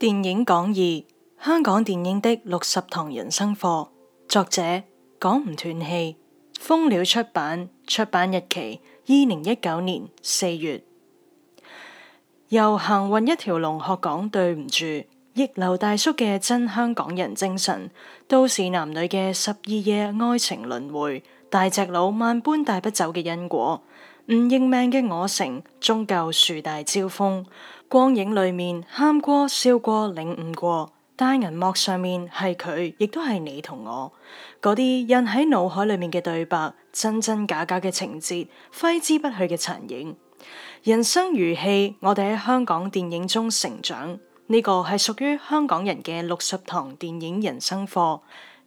電影《港義》香港電影的六十堂人生課，作者港唔斷戲，蜂鳥出版，出版日期二零一九年四月。由行運一條龍學講對唔住，逆流大叔嘅真香港人精神，都市男女嘅十二夜愛情輪回，大隻佬萬般帶不走嘅因果，唔認命嘅我城終究樹大招風。光影裏面喊過笑過，領悟過。大銀幕上面係佢，亦都係你同我。嗰啲印喺腦海裏面嘅對白，真真假假嘅情節，揮之不去嘅殘影。人生如戲，我哋喺香港電影中成長，呢、這個係屬於香港人嘅六十堂電影人生課。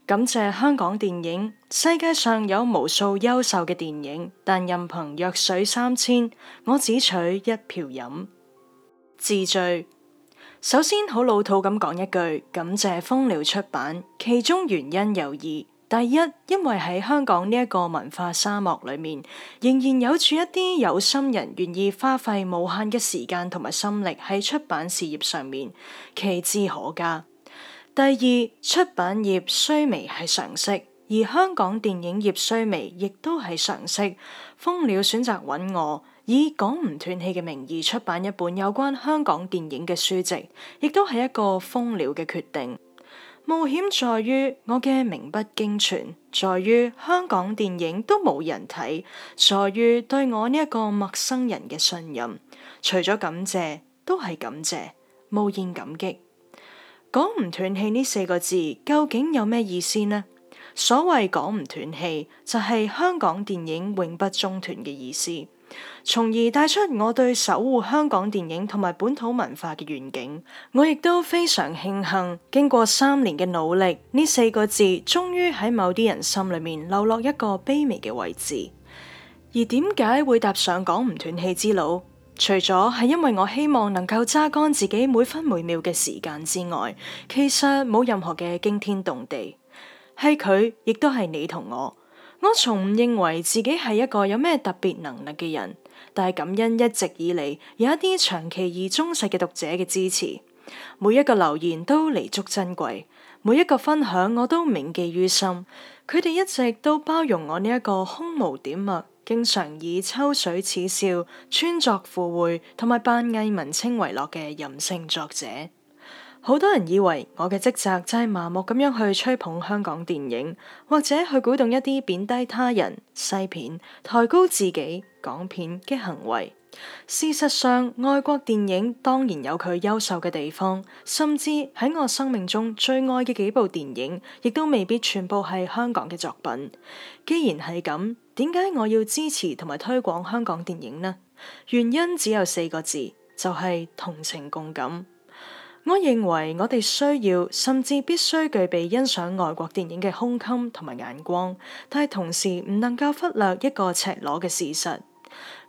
感謝香港電影。世界上有無數優秀嘅電影，但任憑弱水三千，我只取一瓢飲。自序。首先好老土咁講一句，感謝蜂鳥出版，其中原因有二。第一，因為喺香港呢一個文化沙漠裏面，仍然有住一啲有心人願意花費無限嘅時間同埋心力喺出版事業上面，其志可嘉。第二，出版業衰微係常識，而香港電影業衰微亦都係常識，蜂鳥選擇揾我。以港唔斷戲嘅名義出版一本有關香港電影嘅書籍，亦都係一個瘋了嘅決定。冒險在於我嘅名不經傳，在於香港電影都冇人睇，在於對我呢一個陌生人嘅信任。除咗感謝，都係感謝，無言感激。港唔斷戲呢四個字究竟有咩意思呢？所謂港唔斷戲，就係、是、香港電影永不中斷嘅意思。從而帶出我對守護香港電影同埋本土文化嘅願景。我亦都非常慶幸，經過三年嘅努力，呢四個字終於喺某啲人心裏面留落一個卑微嘅位置。而點解會踏上港唔斷戲之路？除咗係因為我希望能夠揸乾自己每分每秒嘅時間之外，其實冇任何嘅驚天動地。係佢，亦都係你同我。我從唔認為自己係一個有咩特別能力嘅人，但係感恩一直以嚟有一啲長期而忠實嘅讀者嘅支持，每一個留言都彌足珍貴，每一個分享我都銘記於心。佢哋一直都包容我呢一個胸無點墨，經常以抽水恥笑、穿鑿附會同埋扮藝文青為樂嘅任性作者。好多人以為我嘅職責就係麻木咁樣去吹捧香港電影，或者去鼓動一啲貶低他人西片、抬高自己港片嘅行為。事實上，外國電影當然有佢優秀嘅地方，甚至喺我生命中最愛嘅幾部電影，亦都未必全部係香港嘅作品。既然係咁，點解我要支持同埋推廣香港電影呢？原因只有四個字，就係、是、同情共感。我認為我哋需要，甚至必須具備欣賞外國電影嘅胸襟同埋眼光，但係同時唔能夠忽略一個赤裸嘅事實。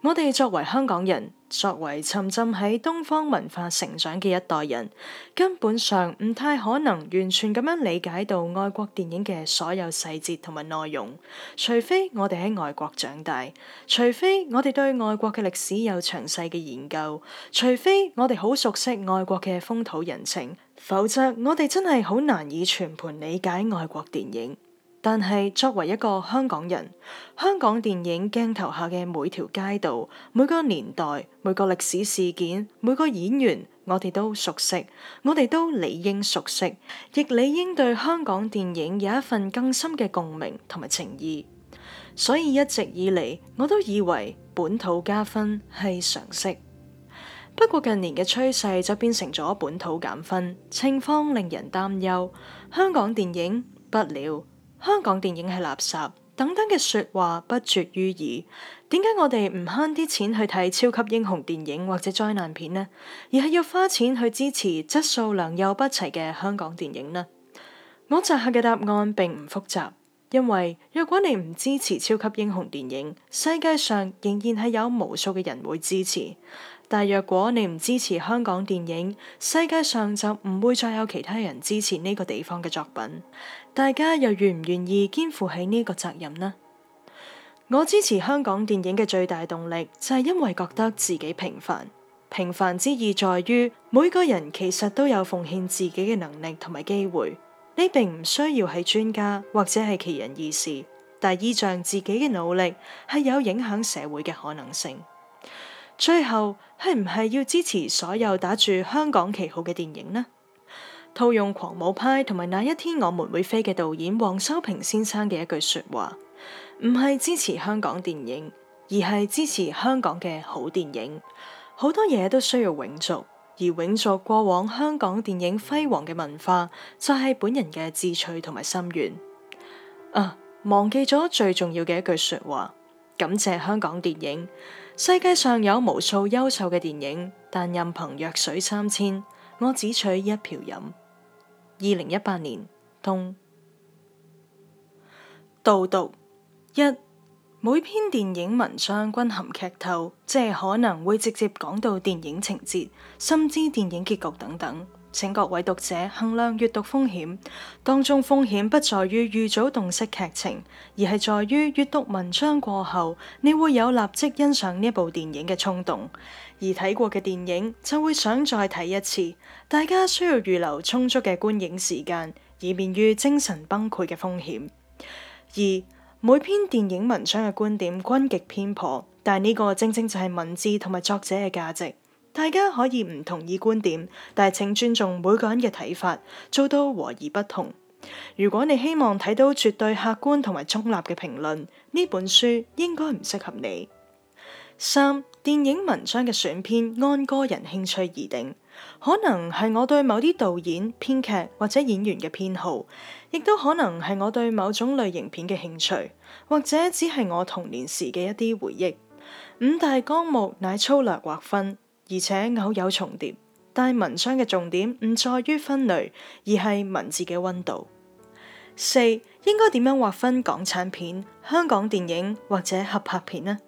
我哋作為香港人，作為沉浸喺東方文化成長嘅一代人，根本上唔太可能完全咁樣理解到外國電影嘅所有細節同埋內容。除非我哋喺外國長大，除非我哋對外國嘅歷史有詳細嘅研究，除非我哋好熟悉外國嘅風土人情，否則我哋真係好難以全盤理解外國電影。但係，作為一個香港人，香港電影鏡頭下嘅每條街道、每個年代、每個歷史事件、每個演員，我哋都熟悉，我哋都理應熟悉，亦理應對香港電影有一份更深嘅共鳴同埋情意。所以一直以嚟，我都以為本土加分係常識。不過近年嘅趨勢就變成咗本土減分，情況令人擔憂。香港電影不了。香港電影係垃圾，等等嘅説話不絕於耳。點解我哋唔慳啲錢去睇超級英雄電影或者災難片呢？而係要花錢去支持質素良莠不齊嘅香港電影呢？我摘下嘅答案並唔複雜，因為若果你唔支持超級英雄電影，世界上仍然係有無數嘅人會支持；但若果你唔支持香港電影，世界上就唔會再有其他人支持呢個地方嘅作品。大家又願唔願意肩負起呢個責任呢？我支持香港電影嘅最大動力就係因為覺得自己平凡，平凡之意在於每個人其實都有奉獻自己嘅能力同埋機會，你並唔需要係專家或者係奇人異士，但係依仗自己嘅努力係有影響社會嘅可能性。最後係唔係要支持所有打住香港旗號嘅電影呢？套用《狂舞派》同埋《那一天我們會飛》嘅導演黃修平先生嘅一句說話，唔係支持香港電影，而係支持香港嘅好電影。好多嘢都需要永續，而永續過往香港電影輝煌嘅文化，就係本人嘅志趣同埋心願啊，忘記咗最重要嘅一句說話，感謝香港電影。世界上有無數優秀嘅電影，但任憑弱水三千，我只取一瓢飲。二零一八年，通道讀一，每篇電影文章均含劇透，即係可能會直接講到電影情節，甚至電影結局等等。請各位讀者衡量閱讀風險，當中風險不在於預早洞悉劇情，而係在於閱讀文章過後，你會有立即欣賞呢部電影嘅衝動，而睇過嘅電影就會想再睇一次。大家需要預留充足嘅觀影時間，以免於精神崩潰嘅風險。二，每篇電影文章嘅觀點均極偏頗，但呢個正正就係文字同埋作者嘅價值。大家可以唔同意觀點，但請尊重每個人嘅睇法，做到和而不同。如果你希望睇到絕對客觀同埋中立嘅評論，呢本書應該唔適合你。三、電影文章嘅選篇，按個人興趣而定，可能係我對某啲導演、編劇或者演員嘅偏好，亦都可能係我對某種類型片嘅興趣，或者只係我童年時嘅一啲回憶。五大綱目乃粗略劃分。而且偶有重疊，但文章嘅重點唔在於分類，而係文字嘅溫度。四，應該點樣劃分港產片、香港電影或者合拍片呢？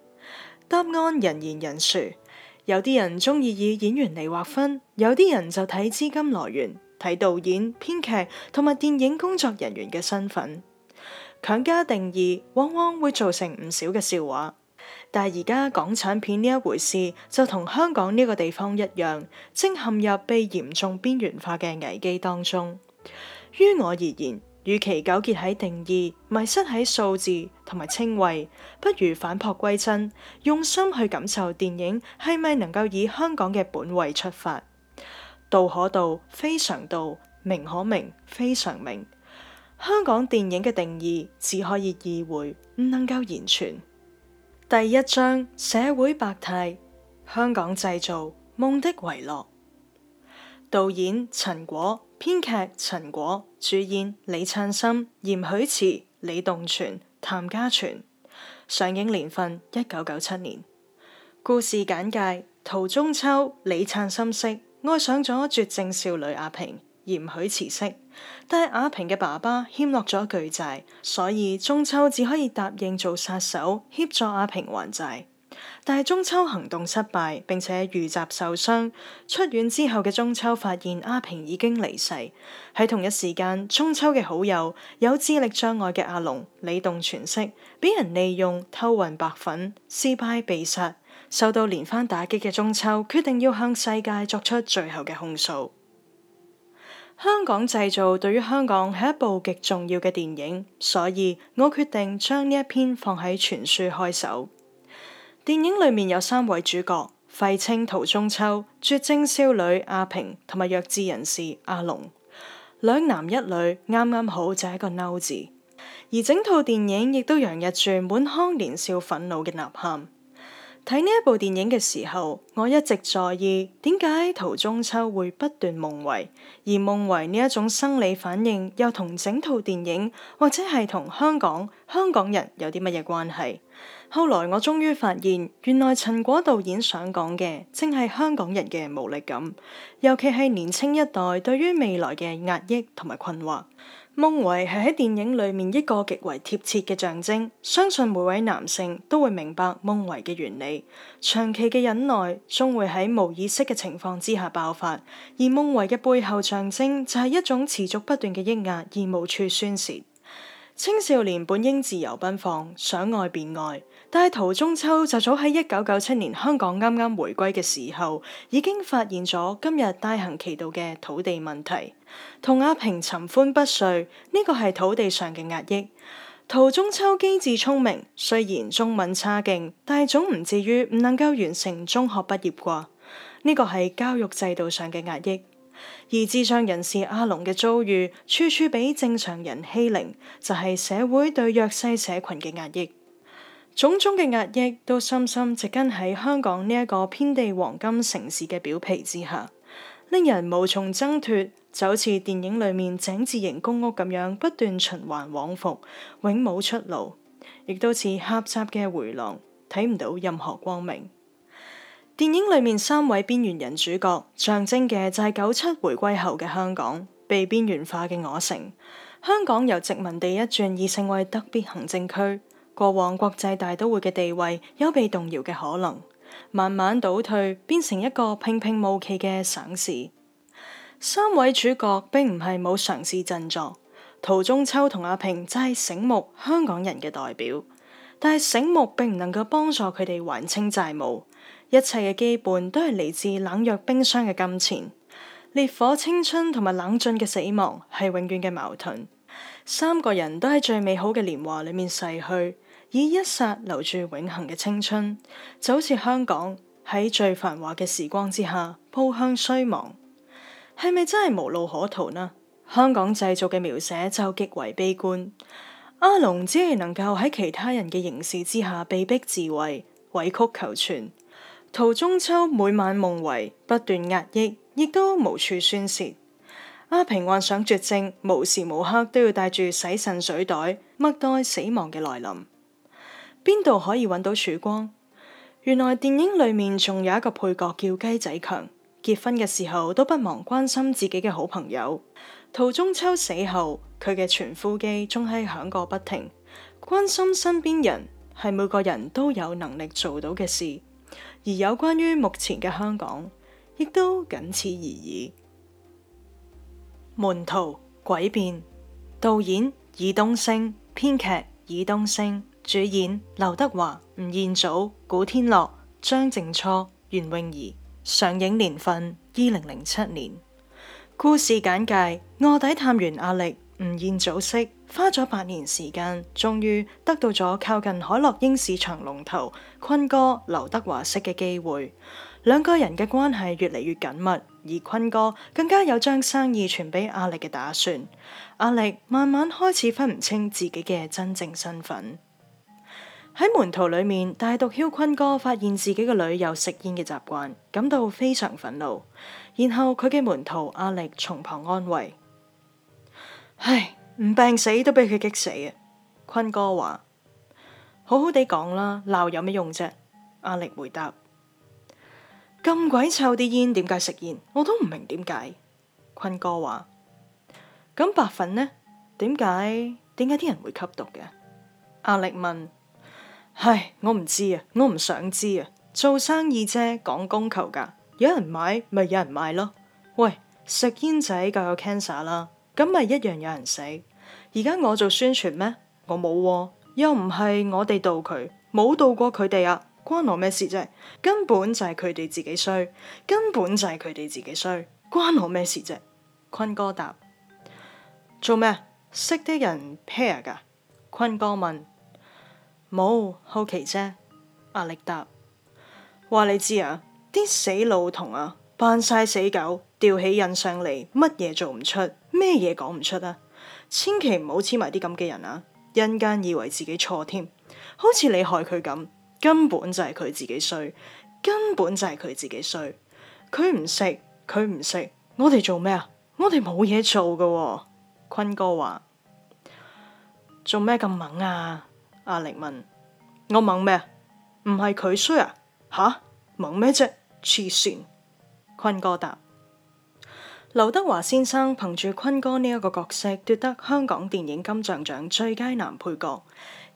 答案人言人殊，有啲人中意以演員嚟劃分，有啲人就睇資金來源、睇導演、編劇同埋電影工作人員嘅身份。強加定義往往會造成唔少嘅笑話。但而家港產片呢一回事，就同香港呢個地方一樣，正陷入被嚴重邊緣化嘅危機當中。於我而言，與其糾結喺定義、迷失喺數字同埋稱謂，不如返璞歸真，用心去感受電影係咪能夠以香港嘅本位出發。道可道，非常道；名可名，非常名。香港電影嘅定義只可以意會，唔能夠言傳。第一章社會百態，香港製造《夢的遺落》。導演陳果，編劇陳果，主演李燦森、嚴栩慈、李棟全、譚家全，上映年份一九九七年。故事簡介：陶中秋，李燦森飾愛上咗絕症少女阿平。嚴許辭職，但係阿平嘅爸爸欠落咗巨債，所以中秋只可以答應做殺手協助阿平還債。但係中秋行動失敗並且遇襲受傷，出院之後嘅中秋發現阿平已經離世。喺同一時間，中秋嘅好友有智力障礙嘅阿龍李棟全飾，俾人利用偷運白粉，失敗被殺。受到連番打擊嘅中秋，決定要向世界作出最後嘅控訴。香港製造對於香港係一部極重要嘅電影，所以我決定將呢一篇放喺全書開首。電影裏面有三位主角：廢青屠中秋、絕症少女阿平同埋弱智人士阿龍。兩男一女，啱啱好就係一個嬲字。而整套電影亦都洋溢住滿腔年少憤怒嘅吶喊。睇呢一部電影嘅時候，我一直在意點解屠中秋會不斷夢遺，而夢遺呢一種生理反應又同整套電影或者係同香港香港人有啲乜嘢關係？後來我終於發現，原來陳果導演想講嘅正係香港人嘅無力感，尤其係年青一代對於未來嘅壓抑同埋困惑。夢遺係喺電影裏面一個極為貼切嘅象徵，相信每位男性都會明白夢遺嘅原理。長期嘅忍耐終會喺無意識嘅情況之下爆發，而夢遺嘅背後象徵就係一種持續不斷嘅抑壓而無處宣泄。青少年本應自由奔放，想愛便愛。但係，陶中秋就早喺一九九七年香港啱啱回歸嘅時候，已經發現咗今日大行其道嘅土地問題。同阿平尋歡不遂，呢、這個係土地上嘅壓抑。陶中秋機智聰明，雖然中文差勁，但係總唔至於唔能夠完成中學畢業啩？呢、這個係教育制度上嘅壓抑。而智障人士阿龍嘅遭遇，處處俾正常人欺凌，就係、是、社會對弱勢社群嘅壓抑。種種嘅壓抑都深深植根喺香港呢一個遍地黃金城市嘅表皮之下，令人無從掙脫。就好似電影裏面井字型公屋咁樣，不斷循環往復，永冇出路。亦都似狹窄嘅回廊，睇唔到任何光明。電影裏面三位邊緣人主角，象徵嘅就係九七回歸後嘅香港，被邊緣化嘅我城。香港由殖民地一轉，而成為特別行政區。過往國際大都會嘅地位有被動搖嘅可能，慢慢倒退，變成一個平平無奇嘅省市。三位主角並唔係冇嘗試振作，陶中秋同阿平真係醒目香港人嘅代表，但係醒目並唔能夠幫助佢哋還清債務。一切嘅基本都係嚟自冷若冰霜嘅金錢。烈火青春同埋冷峻嘅死亡係永遠嘅矛盾。三個人都喺最美好嘅年華裏面逝去。以一剎留住永恆嘅青春，就好似香港喺最繁華嘅時光之下，步向衰亡，係咪真係無路可逃呢？香港製造嘅描寫就極為悲觀。阿龍只係能夠喺其他人嘅刑事之下被逼自衛，委曲求全。屠中秋每晚夢遺不斷壓抑，亦都無處宣洩。阿平患上絕症，無時無刻都要帶住洗腎水袋，默待死亡嘅來臨。邊度可以揾到曙光？原來電影裏面仲有一個配角叫雞仔強，結婚嘅時候都不忘關心自己嘅好朋友。陶中秋死後，佢嘅傳呼機仲係響個不停。關心身邊人係每個人都有能力做到嘅事，而有關於目前嘅香港，亦都僅此而已。門徒鬼變，導演爾冬升，編劇爾冬升。主演劉德華、吳彥祖、古天樂、張靜初、袁詠儀，上映年份二零零七年。故事簡介：臥底探員阿力吳彥祖飾，花咗八年時間，終於得到咗靠近海洛英市場龍頭坤哥劉德華飾嘅機會。兩個人嘅關係越嚟越緊密，而坤哥更加有將生意傳俾阿力嘅打算。阿力慢慢開始分唔清自己嘅真正身份。喺門徒裏面，大毒梟坤哥發現自己嘅女有食煙嘅習慣，感到非常憤怒。然後佢嘅門徒阿力從旁安慰：唉，唔病死都俾佢激死啊！坤哥話：好好地講啦，鬧有咩用啫？阿力回答：咁鬼臭啲煙，點解食煙？我都唔明點解。坤哥話：咁白粉呢？點解點解啲人會吸毒嘅？阿力問。唉，我唔知啊，我唔想知啊。做生意啫，講供求噶，有人買咪有人賣咯。喂，食煙仔就有 cancer 啦，咁咪一樣有人死。而家我做宣傳咩？我冇喎，又唔係我哋導佢，冇導過佢哋啊，關我咩事啫、啊？根本就係佢哋自己衰，根本就係佢哋自己衰，關我咩事啫、啊？坤哥答：做咩識的人 pair 噶？坤哥問。冇好奇啫，壓力，答話你知啊，啲死老同啊扮晒死狗，吊起印上嚟，乜嘢做唔出，咩嘢講唔出啊！千祈唔好黐埋啲咁嘅人啊！一陣間以為自己錯添，好似你害佢咁，根本就係佢自己衰，根本就係佢自己衰。佢唔食，佢唔食，我哋做咩啊？我哋冇嘢做㗎喎。坤哥話做咩咁猛啊？阿力問：我懵咩？唔係佢衰啊！嚇，懵咩啫？黐線！坤哥答：劉德華先生憑住坤哥呢一個角色，奪得香港電影金像獎最佳男配角。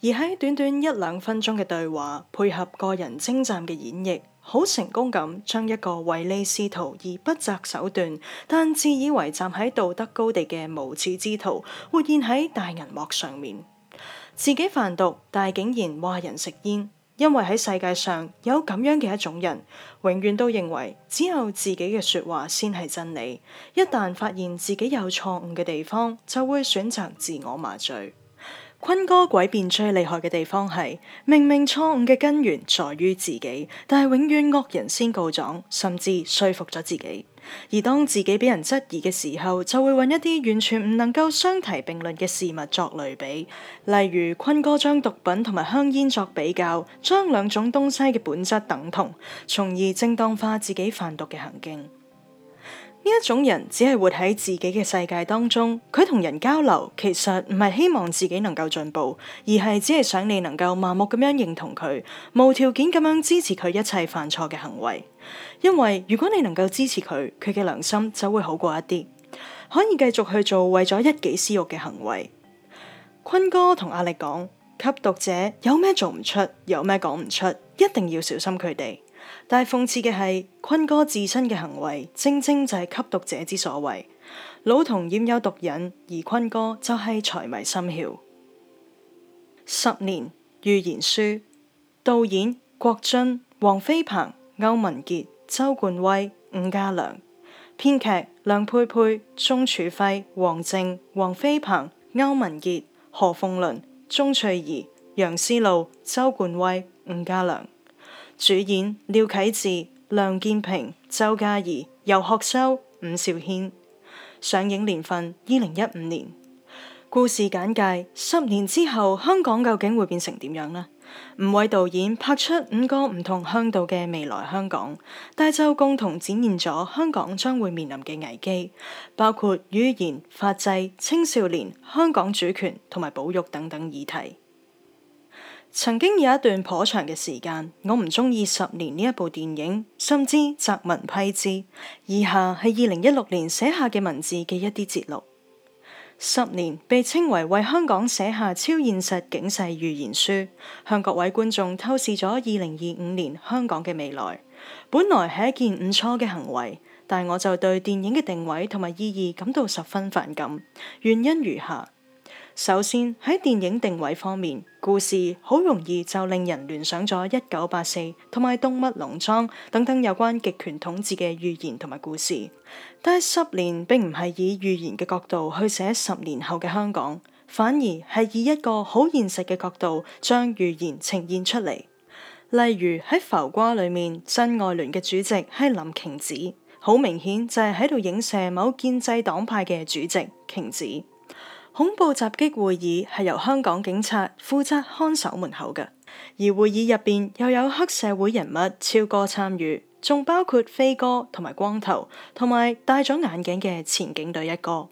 而喺短短一兩分鐘嘅對話，配合個人精湛嘅演繹，好成功咁將一個唯利是圖而不擇手段，但自以為站喺道德高地嘅無恥之徒，活現喺大銀幕上面。自己販毒，但係竟然話人食煙，因為喺世界上有咁樣嘅一種人，永遠都認為只有自己嘅說話先係真理。一旦發現自己有錯誤嘅地方，就會選擇自我麻醉。坤哥詭辯最厲害嘅地方係，明明錯誤嘅根源在於自己，但係永遠惡人先告狀，甚至說服咗自己。而當自己畀人質疑嘅時候，就會揾一啲完全唔能夠相提並論嘅事物作類比，例如坤哥將毒品同埋香煙作比較，將兩種東西嘅本質等同，從而正當化自己販毒嘅行徑。呢一種人只係活喺自己嘅世界當中，佢同人交流其實唔係希望自己能夠進步，而係只係想你能夠盲目咁樣認同佢，無條件咁樣支持佢一切犯錯嘅行為。因為如果你能夠支持佢，佢嘅良心就會好過一啲，可以繼續去做為咗一己私欲嘅行為。坤哥同阿力講：「吸毒者有咩做唔出，有咩講唔出，一定要小心佢哋。」但係諷刺嘅係，坤哥自身嘅行為，正正就係吸毒者之所謂老同染有毒癮，而坤哥就係財迷心竅。十年預言書，導演：郭臻、黃飛鵬、歐文傑、周冠威、伍嘉良。編劇：梁佩佩、鍾楚輝、黃靜、黃飛鵬、歐文傑、何鳳麟、鍾翠怡、楊思露、周冠威、伍嘉良。主演：廖啟智、梁建平、周嘉怡、游學修、伍兆軒。上映年份：二零一五年。故事簡介：十年之後，香港究竟會變成點樣呢？五位導演拍出五個唔同向度嘅未來香港，但就共同展現咗香港將會面臨嘅危機，包括語言、法制、青少年、香港主權同埋保育等等議題。曾經有一段頗長嘅時間，我唔中意《十年》呢一部電影，甚至責文批之。以下係二零一六年寫下嘅文字嘅一啲節錄。《十年》被稱為為香港寫下超現實警世預言書，向各位觀眾透視咗二零二五年香港嘅未來。本來係一件唔錯嘅行為，但我就對電影嘅定位同埋意義感到十分反感。原因如下。首先喺電影定位方面，故事好容易就令人聯想咗《一九八四》同埋《動物農莊》等等有關極權統治嘅預言同埋故事。但係十年並唔係以預言嘅角度去寫十年後嘅香港，反而係以一個好現實嘅角度將預言呈現出嚟。例如喺《浮瓜》裏面，真愛聯嘅主席係林瓊子，好明顯就係喺度影射某建制黨派嘅主席瓊子。恐怖襲擊會議係由香港警察負責看守門口嘅，而會議入邊又有黑社會人物超哥參與，仲包括飛哥同埋光頭同埋戴咗眼鏡嘅前警隊一哥。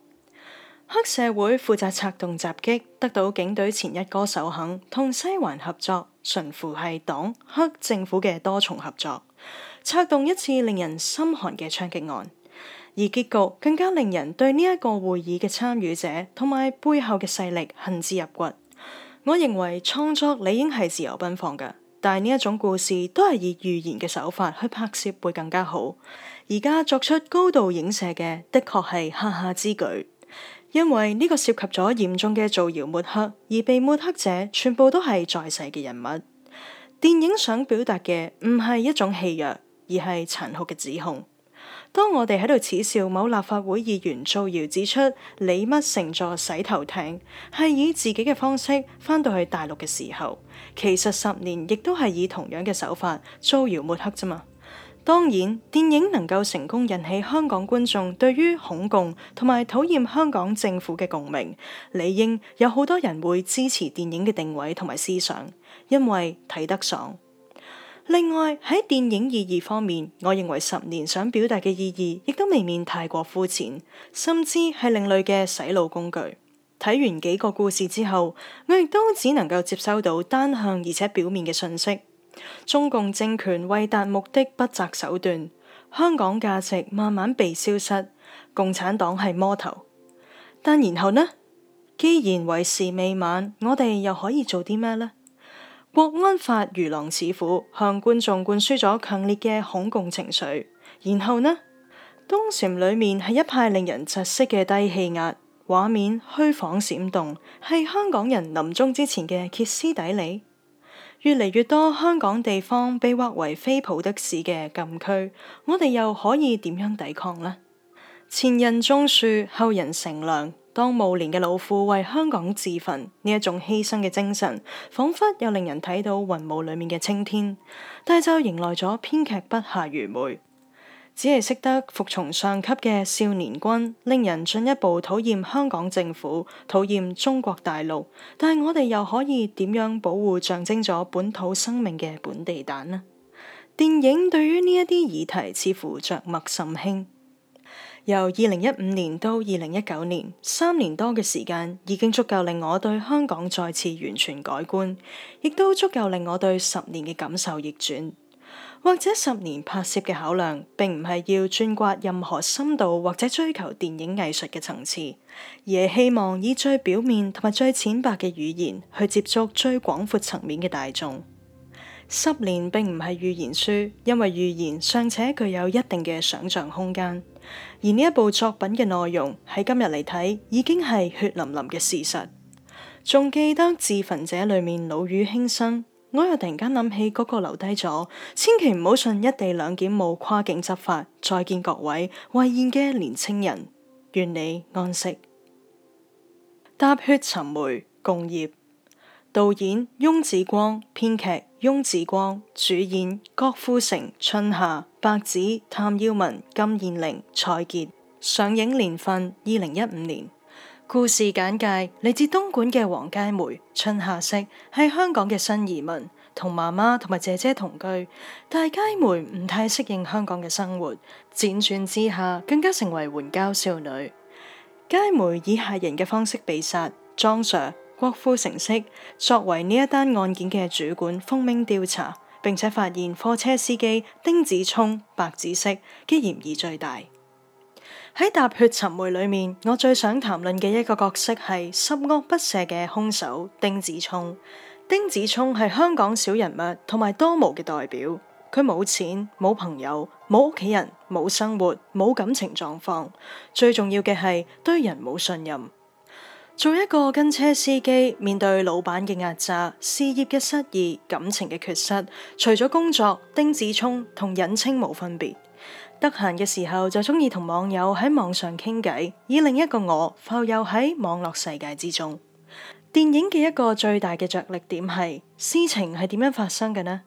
黑社會負責策動襲擊，得到警隊前一哥首肯，同西環合作，純乎係黨黑政府嘅多重合作，策動一次令人心寒嘅槍擊案。而結局更加令人對呢一個會議嘅參與者同埋背後嘅勢力恨之入骨。我認為創作理應係自由奔放嘅，但係呢一種故事都係以寓言嘅手法去拍攝會更加好。而家作出高度影射嘅，的確係下下之舉，因為呢個涉及咗嚴重嘅造謠抹黑，而被抹黑者全部都係在世嘅人物。電影想表達嘅唔係一種戲謔，而係殘酷嘅指控。當我哋喺度恥笑某立法會議員造謠指出李乜乘坐洗頭艇，係以自己嘅方式翻到去大陸嘅時候，其實十年亦都係以同樣嘅手法造謠抹黑啫嘛。當然，電影能夠成功引起香港觀眾對於恐共同埋討厭香港政府嘅共鳴，理應有好多人會支持電影嘅定位同埋思想，因為睇得爽。另外喺電影意義方面，我認為十年想表達嘅意義，亦都未免太過膚淺，甚至係另類嘅洗腦工具。睇完幾個故事之後，我亦都只能夠接收到單向而且表面嘅信息。中共政權為達目的不擇手段，香港價值慢慢被消失，共產黨係魔頭。但然後呢？既然為時未晚，我哋又可以做啲咩呢？國安法如狼似虎，向觀眾灌輸咗強烈嘅恐共情緒。然後呢，東船裏面係一派令人窒息嘅低氣壓，畫面虛晃閃動，係香港人臨終之前嘅歇斯底里。越嚟越多香港地方被劃為非普的士嘅禁區，我哋又可以點樣抵抗呢？前人種樹，後人乘涼。當暮年嘅老婦為香港自焚，呢一種犧牲嘅精神，仿佛又令人睇到雲霧裏面嘅青天。但係就迎來咗編劇筆下愚昧，只係識得服從上級嘅少年軍，令人進一步討厭香港政府，討厭中國大陸。但係我哋又可以點樣保護象徵咗本土生命嘅本地蛋呢？電影對於呢一啲議題，似乎着墨甚輕。由二零一五年到二零一九年，三年多嘅時間已經足夠令我對香港再次完全改觀，亦都足夠令我對十年嘅感受逆轉。或者十年拍攝嘅考量，並唔係要鑽掘任何深度或者追求電影藝術嘅層次，而係希望以最表面同埋最淺白嘅語言去接觸最廣闊層面嘅大眾。十年並唔係預言書，因為預言尚且具有一定嘅想象空間。而呢一部作品嘅內容喺今日嚟睇，已經係血淋淋嘅事實。仲記得自焚者裏面老雨輕生，我又突然間諗起嗰個留低咗，千祈唔好信一地兩檢冇跨境執法。再見各位為燕嘅年青人，願你安息。踏血尋梅，共業。導演翁子光，編劇翁子光，主演郭富城、春夏、白只、譚耀文、金燕玲、蔡潔。上映年份：二零一五年。故事簡介：嚟自東莞嘅黃佳梅（春夏飾）係香港嘅新移民，同媽媽同埋姐姐同居，但係佳梅唔太適應香港嘅生活，輾轉之下更加成為援交少女。佳梅以駭人嘅方式被殺，莊 Sir。郭富城飾作為呢一單案件嘅主管，奉命調查，並且發現貨車司機丁子聰、白只飾嘅嫌疑最大。喺踏血尋梅裏面，我最想談論嘅一個角色係十惡不赦嘅兇手丁子聰。丁子聰係香港小人物同埋多毛嘅代表。佢冇錢、冇朋友、冇屋企人、冇生活、冇感情狀況，最重要嘅係對人冇信任。做一個跟車司機，面對老闆嘅壓榨、事業嘅失意、感情嘅缺失，除咗工作，丁子聰同隱青冇分別。得閒嘅時候就中意同網友喺網上傾偈，以另一個我，浮遊喺網絡世界之中。電影嘅一個最大嘅着力點係事情係點樣發生嘅呢？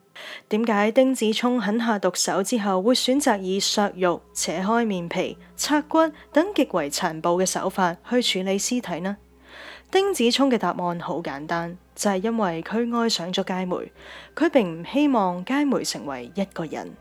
點解丁子聰狠下毒手之後，會選擇以削肉、扯開面皮、拆骨等極為殘暴嘅手法去處理屍體呢？丁子聰嘅答案好簡單，就係因為佢愛上咗佳梅，佢並唔希望佳梅成為一個人。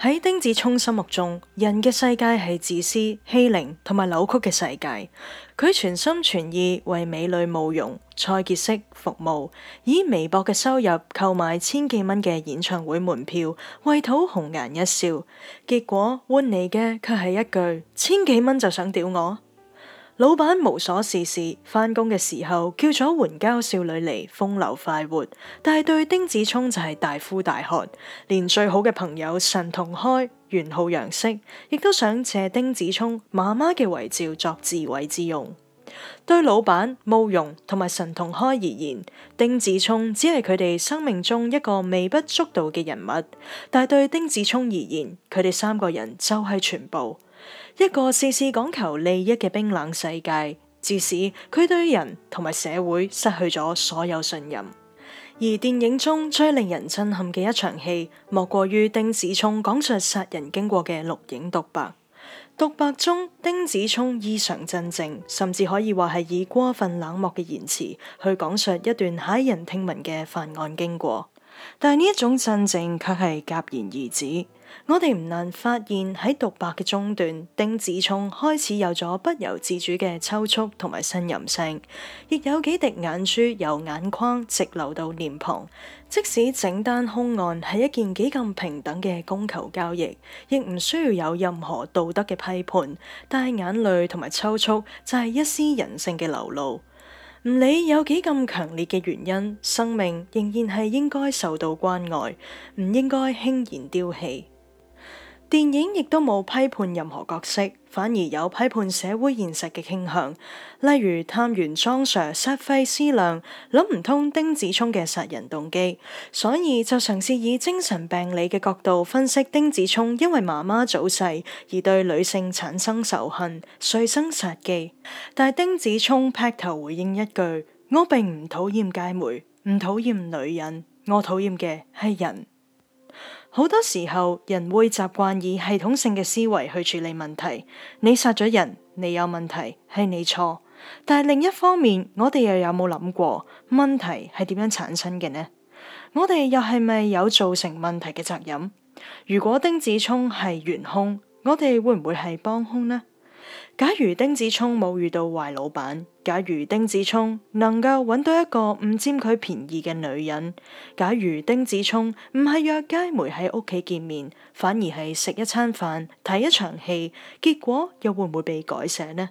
喺丁子聰心目中，人嘅世界係自私、欺凌同埋扭曲嘅世界。佢全心全意為美女慕容蔡潔飾服務，以微薄嘅收入購買千幾蚊嘅演唱會門票，為討紅顏一笑。結果換嚟嘅卻係一句千幾蚊就想屌我。老板無所事事，返工嘅時候叫咗援交少女嚟風流快活，但係對丁子聰就係大呼大喝，連最好嘅朋友神同開，袁浩楊飾，亦都想借丁子聰媽媽嘅遺照作自慰之用。對老板慕容同埋神同開而言，丁子聰只係佢哋生命中一個微不足道嘅人物，但係對丁子聰而言，佢哋三個人就係全部。一個事事講求利益嘅冰冷世界，致使佢對人同埋社會失去咗所有信任。而電影中最令人震撼嘅一場戲，莫過於丁子聰講述殺人經過嘅錄影獨白。獨白中，丁子聰異常鎮靜，甚至可以話係以過分冷漠嘅言辭去講述一段駭人聽聞嘅犯案經過。但呢一種鎮靜卻係戛然而止。我哋唔難發現喺獨白嘅中段，丁子聰開始有咗不由自主嘅抽搐同埋呻吟聲，亦有幾滴眼珠由眼眶直流到臉龐。即使整單凶案係一件幾咁平等嘅供求交易，亦唔需要有任何道德嘅批判。但係眼淚同埋抽搐就係一絲人性嘅流露。唔理有幾咁強烈嘅原因，生命仍然係應該受到關愛，唔應該輕言丟棄。電影亦都冇批判任何角色，反而有批判社會現實嘅傾向。例如探員莊 Sir 煞費思量，諗唔通丁子聰嘅殺人動機，所以就嘗試以精神病理嘅角度分析丁子聰因為媽媽早逝而對女性產生仇恨，遂生殺機。但丁子聰劈頭回應一句：我並唔討厭佳梅，唔討厭女人，我討厭嘅係人。好多時候，人會習慣以系統性嘅思維去處理問題。你殺咗人，你有問題，係你錯。但係另一方面，我哋又有冇諗過問題係點樣產生嘅呢？我哋又係咪有造成問題嘅責任？如果丁子聰係元兇，我哋會唔會係幫兇呢？假如丁子聰冇遇到壞老闆，假如丁子聰能夠揾到一個唔佔佢便宜嘅女人，假如丁子聰唔係約佳梅喺屋企見面，反而係食一餐飯、睇一場戲，結果又會唔會被改寫呢？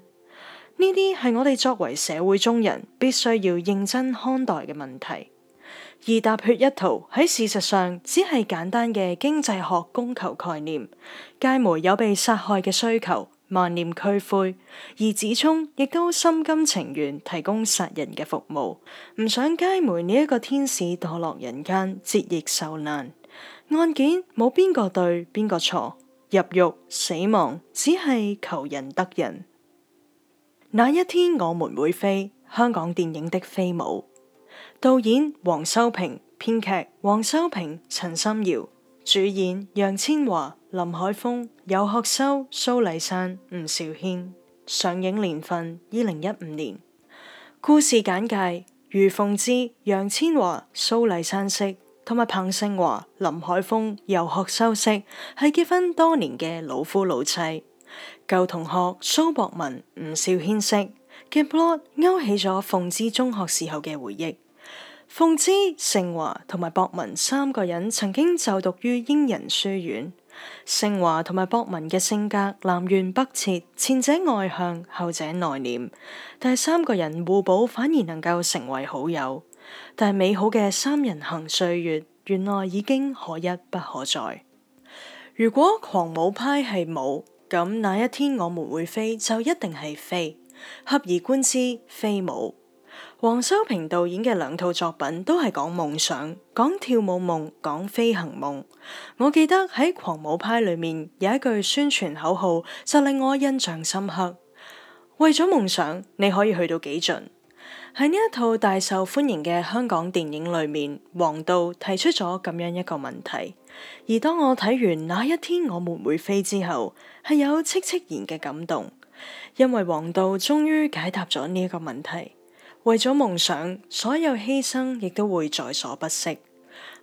呢啲係我哋作為社會中人必須要認真看待嘅問題。而踏血一屠喺事實上只係簡單嘅經濟學供求概念，佳梅有被殺害嘅需求。萬念俱灰，而子聰亦都心甘情願提供殺人嘅服務，唔想佳梅呢一個天使墮落人間，折翼受難。案件冇邊個對邊個錯，入獄、死亡，只係求人得人。那一天我們會飛，香港電影的飛舞，導演黃修平，編劇黃修平、陳心遙，主演楊千嬅。林海峰、游學修、蘇麗珊、吳肇軒上映年份：二零一五年。故事簡介：余鳳芝、楊千嬅、蘇麗珊飾同埋彭盛華、林海峰、游學修飾係結婚多年嘅老夫老妻。舊同學蘇博文、吳肇軒飾嘅 blog 勾起咗鳳芝中學時候嘅回憶。鳳芝、盛華同埋博文三個人曾經就讀於英人書院。盛華同埋博文嘅性格南轅北轍，前者外向，後者內斂，但係三個人互補，反而能夠成為好友。但係美好嘅三人行歲月，原來已經可一不可再。如果狂舞派係舞，咁那一天我們會飛，就一定係飛。合而觀之，飛舞。黃修平導演嘅兩套作品都係講夢想，講跳舞夢，講飛行夢。我記得喺《狂舞派》裏面有一句宣傳口號，就令我印象深刻。為咗夢想，你可以去到幾盡？喺呢一套大受歡迎嘅香港電影裏面，黃導提出咗咁樣一個問題。而當我睇完那一天，我們會飛之後，係有戚戚然嘅感動，因為黃導終於解答咗呢一個問題。為咗夢想，所有犧牲亦都會在所不惜。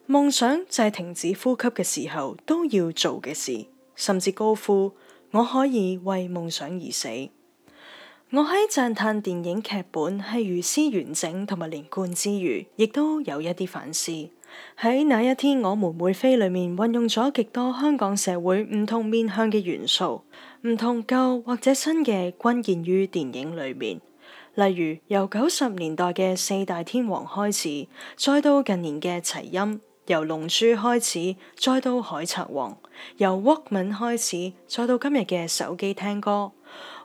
夢想就係停止呼吸嘅時候都要做嘅事，甚至高呼我可以為夢想而死。我喺讚嘆電影劇本係如斯完整同埋連貫之餘，亦都有一啲反思。喺《那一天我們會飛》裏面運用咗極多香港社會唔同面向嘅元素，唔同舊或者新嘅，均見於電影裏面。例如由九十年代嘅四大天王開始，再到近年嘅齊音；由龍珠開始，再到海賊王；由 Walkman 開始，再到今日嘅手機聽歌。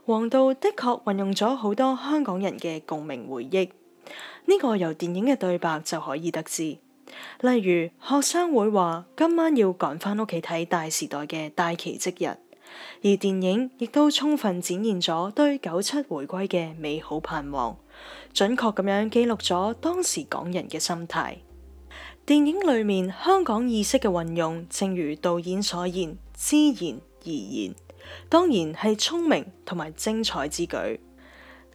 王道的確運用咗好多香港人嘅共鳴回憶，呢、這個由電影嘅對白就可以得知。例如學生會話今晚要趕翻屋企睇《大時代》嘅《大奇蹟日》。而電影亦都充分展現咗對九七回歸嘅美好盼望，準確咁樣記錄咗當時港人嘅心態。電影裏面香港意識嘅運用，正如導演所言，自然而然，當然係聰明同埋精彩之舉。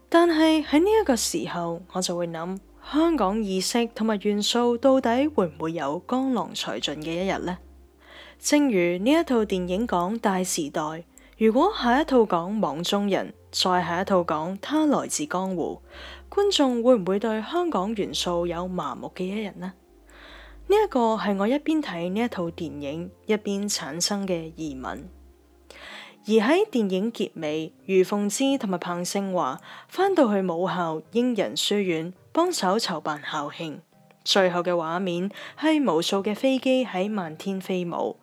但係喺呢一個時候，我就會諗，香港意識同埋元素到底會唔會有江郎才盡嘅一日呢？正如呢一套電影講大時代，如果下一套講網中人，再下一套講他來自江湖，觀眾會唔會對香港元素有麻木嘅一日呢？呢、呢、一個係我一邊睇呢一套電影一邊產生嘅疑問。而喺電影結尾，余鳳芝同埋彭盛華返到去母校英仁書院幫手籌辦校慶，最後嘅畫面係無數嘅飛機喺漫天飛舞。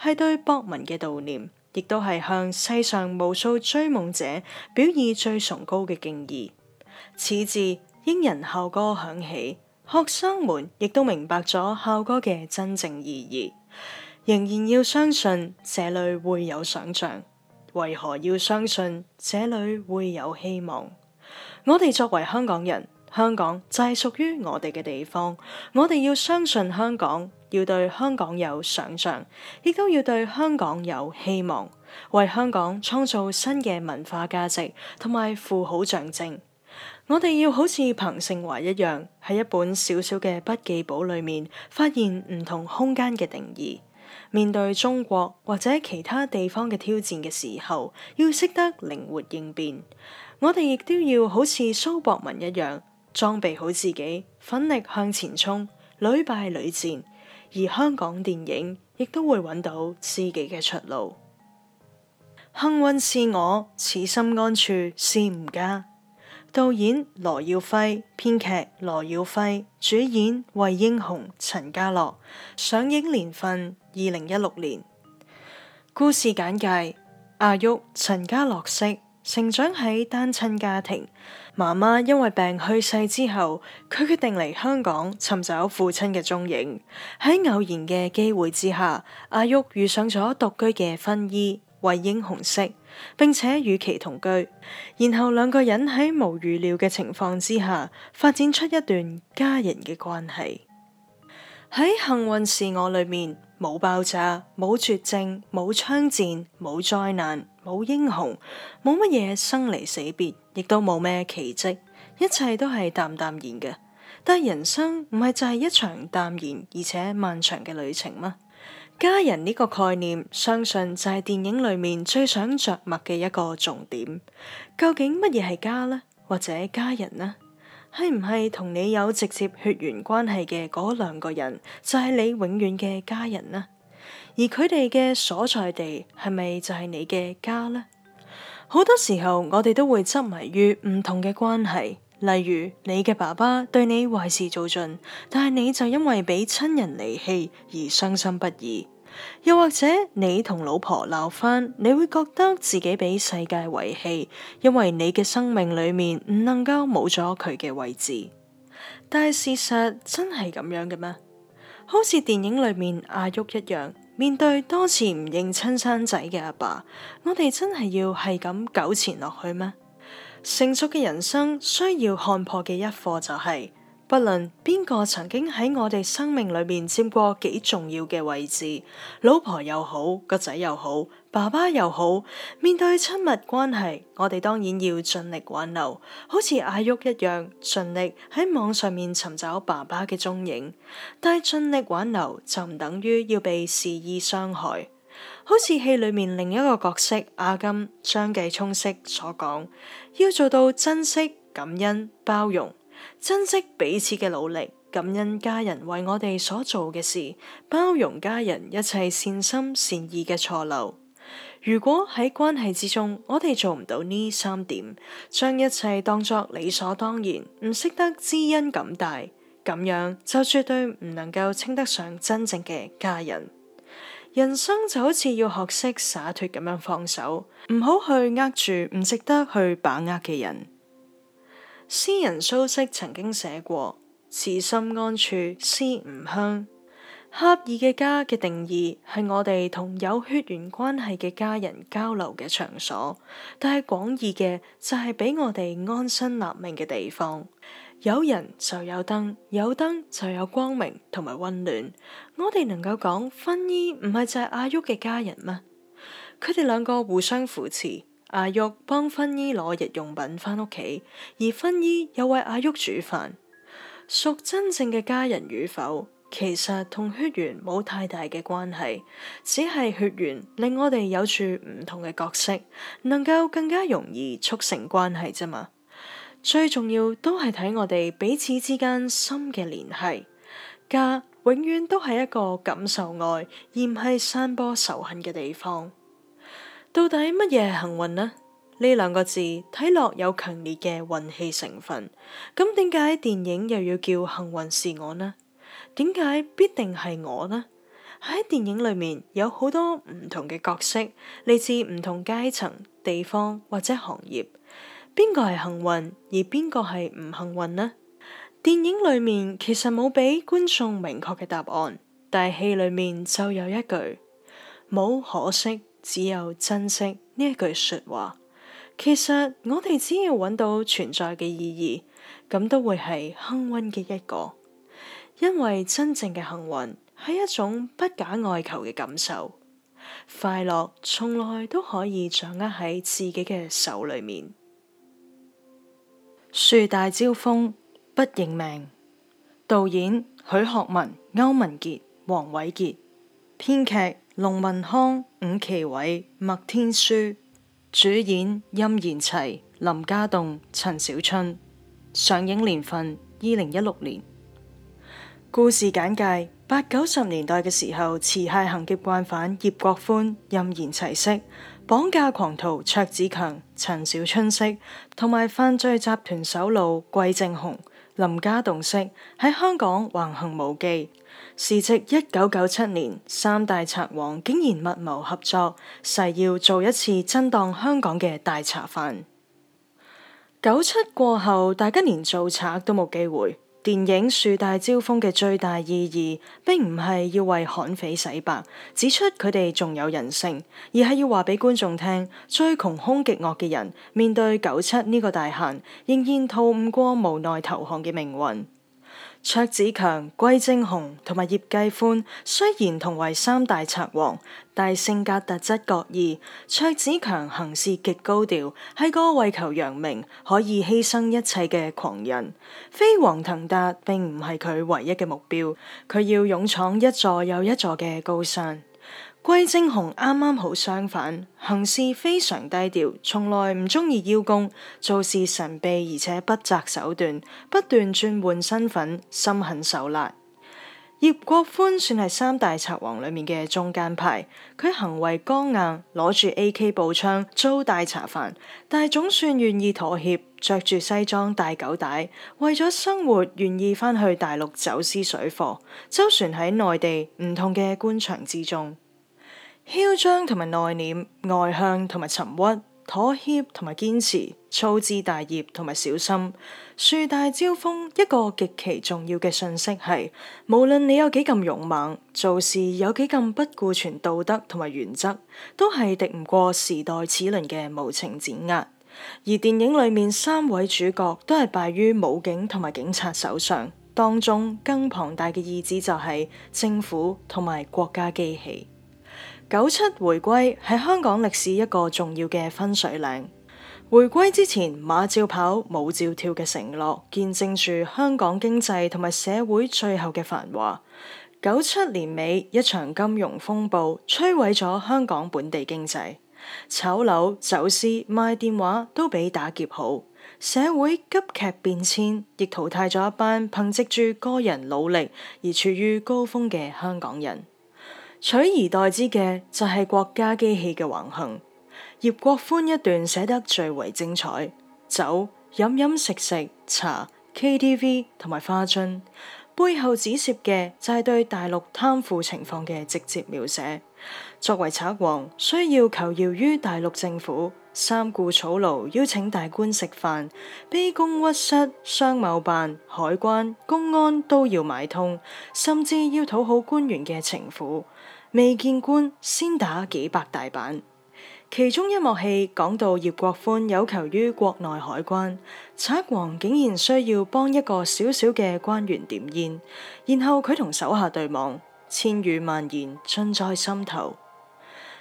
係對博文嘅悼念，亦都係向世上無數追夢者表以最崇高嘅敬意。此時，英人校歌響起，學生們亦都明白咗校歌嘅真正意義。仍然要相信這裏會有想象，為何要相信這裏會有希望？我哋作為香港人，香港就係屬於我哋嘅地方，我哋要相信香港。要對香港有想象，亦都要對香港有希望，為香港創造新嘅文化價值同埋符號象徵。我哋要好似彭盛華一樣，喺一本小小嘅筆記簿裏面發現唔同空間嘅定義。面對中國或者其他地方嘅挑戰嘅時候，要識得靈活應變。我哋亦都要好似蘇博文一樣，裝備好自己，奮力向前衝，屢敗屢戰。而香港電影亦都會揾到自己嘅出路。幸運是我，此心安處是吾家。導演羅耀輝，編劇羅耀輝，主演惠英紅、陳家樂，上映年份二零一六年。故事簡介：阿旭，陳家樂飾，成長喺單親家庭。媽媽因為病去世之後，佢決定嚟香港尋找父親嘅蹤影。喺偶然嘅機會之下，阿玉遇上咗獨居嘅芬姨惠英紅飾，並且與其同居。然後兩個人喺無預料嘅情況之下，發展出一段家人嘅關係。喺幸運是我裏面，冇爆炸，冇絕症，冇槍戰，冇災難，冇英雄，冇乜嘢生離死別。亦都冇咩奇蹟，一切都係淡淡然嘅。但人生唔係就係一場淡然而且漫長嘅旅程嗎？家人呢個概念，相信就係電影裏面最想着墨嘅一個重點。究竟乜嘢係家呢？或者家人呢？係唔係同你有直接血緣關係嘅嗰兩個人就係你永遠嘅家人呢？而佢哋嘅所在地係咪就係你嘅家呢？好多時候我哋都會執迷於唔同嘅關係，例如你嘅爸爸對你壞事做盡，但係你就因為俾親人離棄而傷心不已；又或者你同老婆鬧翻，你會覺得自己俾世界遺棄，因為你嘅生命裏面唔能夠冇咗佢嘅位置。但係事實真係咁樣嘅咩？好似電影裏面阿旭一樣。面對多次唔認親生仔嘅阿爸，我哋真係要係咁糾纏落去咩？成熟嘅人生需要看破嘅一課就係，不論邊個曾經喺我哋生命裏面佔過幾重要嘅位置，老婆又好，個仔又好。爸爸又好，面對親密關係，我哋當然要盡力挽留，好似阿旭一樣，盡力喺網上面尋找爸爸嘅蹤影。但係盡力挽留就唔等於要被肆意傷害，好似戲裏面另一個角色阿金張繼聰飾所講，要做到珍惜、感恩、包容，珍惜彼此嘅努力，感恩家人為我哋所做嘅事，包容家人一切善心善意嘅錯漏。如果喺關係之中，我哋做唔到呢三點，將一切當作理所當然，唔識得知恩感大，咁樣就絕對唔能夠稱得上真正嘅家人。人生就好似要學識灑脱咁樣放手，唔好去握住唔值得去把握嘅人。詩人蘇軾曾經寫過：「此心安處，思吾鄉。」狹義嘅家嘅定義係我哋同有血緣關係嘅家人交流嘅場所，但係廣義嘅就係俾我哋安身立命嘅地方。有人就有燈，有燈就有光明同埋溫暖。我哋能夠講芬姨唔係就係阿旭嘅家人咩？佢哋兩個互相扶持，阿旭幫芬姨攞日用品翻屋企，而芬姨又為阿旭煮飯。屬真正嘅家人與否？其實同血緣冇太大嘅關係，只係血緣令我哋有住唔同嘅角色，能夠更加容易促成關係啫嘛。最重要都係睇我哋彼此之間深嘅聯繫。家永遠都係一個感受愛，而唔係散播仇恨嘅地方。到底乜嘢係幸運呢？呢兩個字睇落有強烈嘅運氣成分，咁點解電影又要叫《幸運是我》呢？點解必定係我呢？喺電影裏面有好多唔同嘅角色，嚟自唔同階層、地方或者行業，邊個係幸運而邊個係唔幸運呢？電影裏面其實冇俾觀眾明確嘅答案，但係戲裏面就有一句冇可惜，只有珍惜呢一句說話。其實我哋只要揾到存在嘅意義，咁都會係幸運嘅一個。因為真正嘅幸運係一種不假外求嘅感受，快樂從來都可以掌握喺自己嘅手裏面。樹大招風，不認命。導演許學文、歐文傑、黃偉傑，編劇龍文康、伍奇偉、麥天舒，主演任賢齊、林家棟、陳小春，上映年份二零一六年。故事簡介：八九十年代嘅時候，持械行劫慣犯葉國歡、任賢齊飾、綁架狂徒卓子強、陳小春飾同埋犯罪集團首腦季正雄、林家棟飾喺香港橫行無忌。時值一九九七年，三大賊王竟然密謀合作，誓要做一次震盪香港嘅大茶飯。九七過後，大家連做賊都冇機會。電影《樹大招風》嘅最大意義並唔係要為悍匪洗白，指出佢哋仲有人性，而係要話俾觀眾聽：最窮兇極惡嘅人，面對九七呢個大限，仍然逃唔過無奈投降嘅命運。卓子強、季正雄同埋葉繼歡雖然同為三大賊王。但性格特質各異，卓子強行事極高調，係個為求揚名可以犧牲一切嘅狂人。飛黃騰達並唔係佢唯一嘅目標，佢要勇闖一座又一座嘅高山。季正雄啱啱好相反，行事非常低調，從來唔中意邀功，做事神秘而且不擇手段，不斷轉換身份，心狠手辣。葉國歡算係三大賊王裏面嘅中間派，佢行為剛硬，攞住 A K 步槍做大茶飯，但係總算願意妥協，着住西裝戴狗帶，為咗生活願意翻去大陸走私水貨，周旋喺內地唔同嘅官場之中，囂張同埋內斂，外向同埋沉鬱。妥協同埋堅持，粗枝大葉同埋小心，樹大招風。一個極其重要嘅信息係，無論你有幾咁勇猛，做事有幾咁不顧全道德同埋原則，都係敵唔過時代齒輪嘅無情碾壓。而電影裏面三位主角都係敗於武警同埋警察手上，當中更龐大嘅意志就係政府同埋國家機器。九七回歸係香港歷史一個重要嘅分水嶺。回歸之前，馬照跑，舞照跳嘅承諾見證住香港經濟同埋社會最後嘅繁華。九七年尾，一場金融風暴摧毀咗香港本地經濟，炒樓、走私、賣電話都比打劫好。社會急劇變遷，亦淘汰咗一班憑藉住個人努力而處於高峰嘅香港人。取而代之嘅就係國家機器嘅橫行。葉國歡一段寫得最為精彩，酒飲飲食食，茶 KTV 同埋花樽背後指涉嘅就係對大陸貪腐情況嘅直接描寫。作為賊王，需要求饒於大陸政府，三顧草廬邀請大官食飯，卑躬屈膝，商務辦、海關、公安都要買通，甚至要討好官員嘅情婦。未見官先打幾百大板，其中一幕戲講到葉國歡有求於國內海關，賊王竟然需要幫一個小小嘅官員點煙，然後佢同手下對望，千語萬言盡在心頭。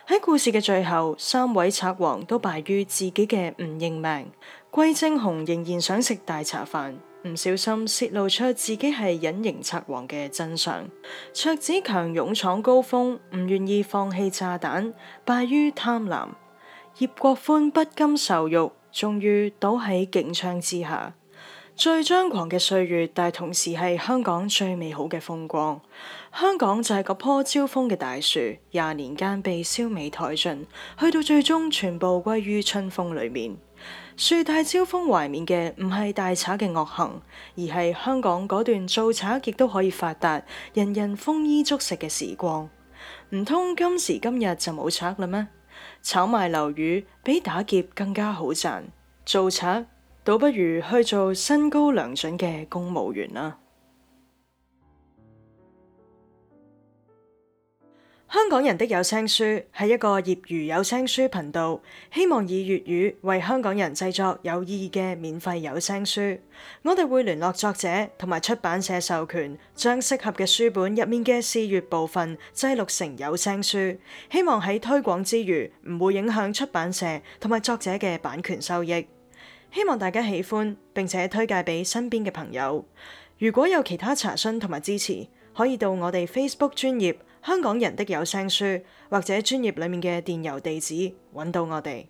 喺故事嘅最後，三位賊王都敗於自己嘅唔認命，季正雄仍然想食大茶飯。唔小心泄露出自己係隱形賊王嘅真相，卓子強勇闖高峰，唔願意放棄炸彈，敗於貪婪。葉國歡不甘受辱，終於倒喺警槍之下。最張狂嘅歲月，但同時係香港最美好嘅風光。香港就係嗰棵招風嘅大樹，廿年間被燒眉殆盡，去到最終全部歸於春風裏面。樹大招風，懷緬嘅唔係大賊嘅惡行，而係香港嗰段做賊亦都可以發達、人人豐衣足食嘅時光。唔通今時今日就冇賊啦咩？炒賣樓宇比打劫更加好賺，做賊倒不如去做薪高糧準嘅公務員啦。香港人的有聲書係一個業餘有聲書頻道，希望以粵語為香港人製作有意義嘅免費有聲書。我哋會聯絡作者同埋出版社授權，將適合嘅書本入面嘅試閱部分製錄成有聲書，希望喺推廣之餘唔會影響出版社同埋作者嘅版權收益。希望大家喜歡，並且推介俾身邊嘅朋友。如果有其他查詢同埋支持，可以到我哋 Facebook 專頁，香港人的有聲書，或者專頁裡面嘅電郵地址，揾到我哋。